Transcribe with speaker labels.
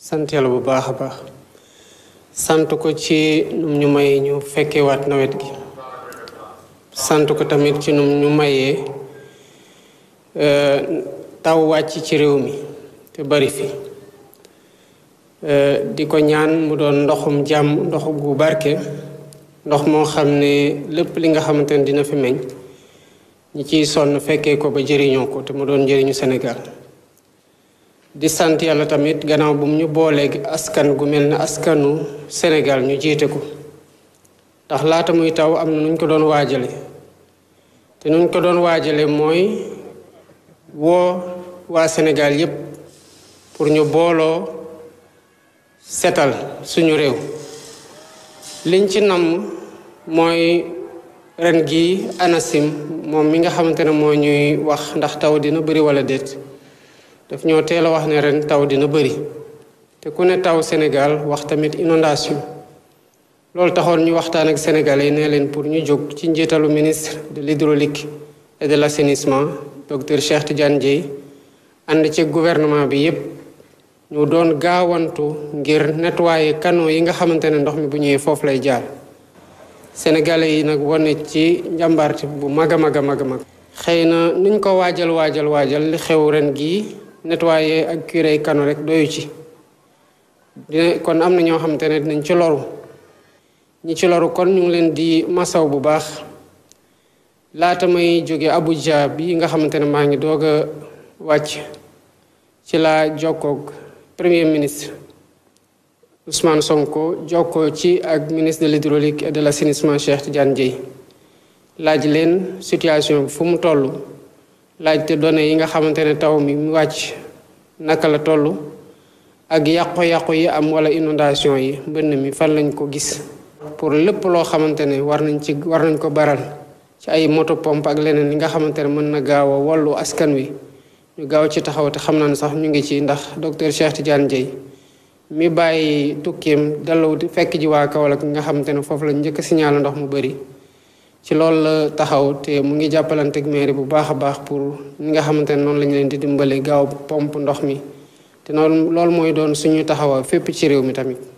Speaker 1: sant yàlla bu baax a baax sant ko ci num ñu mayee ñu fekkewaat nawet gi sant ko tamit ci num ñu mayee euh, taw wàcc ci réew mi te bari fi euh, di ko ñaan mu doon ndoxum jàmm ndox gu barke ndox moo xam ne lépp li nga xamante ne dina fi meñ ñi ciy sonn fekkee ko ba jëriñoo ko te mu doon njëriñu Sénégal di sant yàlla tamit gannaaw bu ñu booleeg askan gu mel na askanu senegal ñu jiite ko ndax laata muy taw am na nuñ ko doon waajale te nuñ ko doon waajale mooy woo waa Sénégal yépp pour ñu booloo setal suñu réew liñ ci nam mooy ren gi ANACIM moom mi nga xamante ne moo ñuy wax ndax taw dina bëri wala déet def ñoo teel wax ne ren taw dina bëri te ku ne taw Sénégal wax tamit inondation loolu taxoon ñu waxtaan ak sénégalais ne leen pour ñu jóg ci njiitalu ministre de l'hydraulique et de l'assainissement docteur Cheikh Tidiane Dièye ànd ci gouvernement bi yépp ñu doon gaawantu ngir nettoyer canaux yi nga xamante ne ndox mi bu ñëwee foofu lay jaar sénégalais yi nag wane ci njàmbaarte bu mag a mag a mag mag xëy na nuñ ko waajal waajal waajal li xew ren gii nettoyer ak curé kano rek doyu ci dina kon am na ñoo xamante ne dinañ ci loru ñi ci loru kon ñu ngi leen di masaw bu baax laata may jóge Abuja bi nga xamante ne maa ngi doog a wàcc ci laa jokkook premier ministre Ousmane Sonko jokkoo ci ak ministre de l'hydraulique et de l'assainissement Cheikh Tidiane Dièye laaj leen situation bi fu mu toll laajte données yi nga xamante ne taw mi mu wàcc naka la toll ak yàqu-yàqu yi am wala inondation yi mbënn mi fan lañ ko gis pour lépp loo xamante ne war nañ ci war nañ ko baral ci ay moto pompe ak leneen li nga xamante ne mën na gaaw a wallu askan wi ñu gaaw ci taxaw te xam naa ne sax ñu ngi ci ndax docteur Cheikh Tidiane Dieye mi bàyyi tukkeem dellu fekk ji waa Kaolack nga xamante ne foofu lañ njëkk a signalé ndox mu bari ci loolu la taxaw te mu ngi jàppalanteeg mairie bu baax a baax pour ñi nga xamante ne noonu la ñu leen di dimbale gaaw pomp ndox mi te noonu loolu mooy doon suñu taxawaa fépp ci réew mi tamit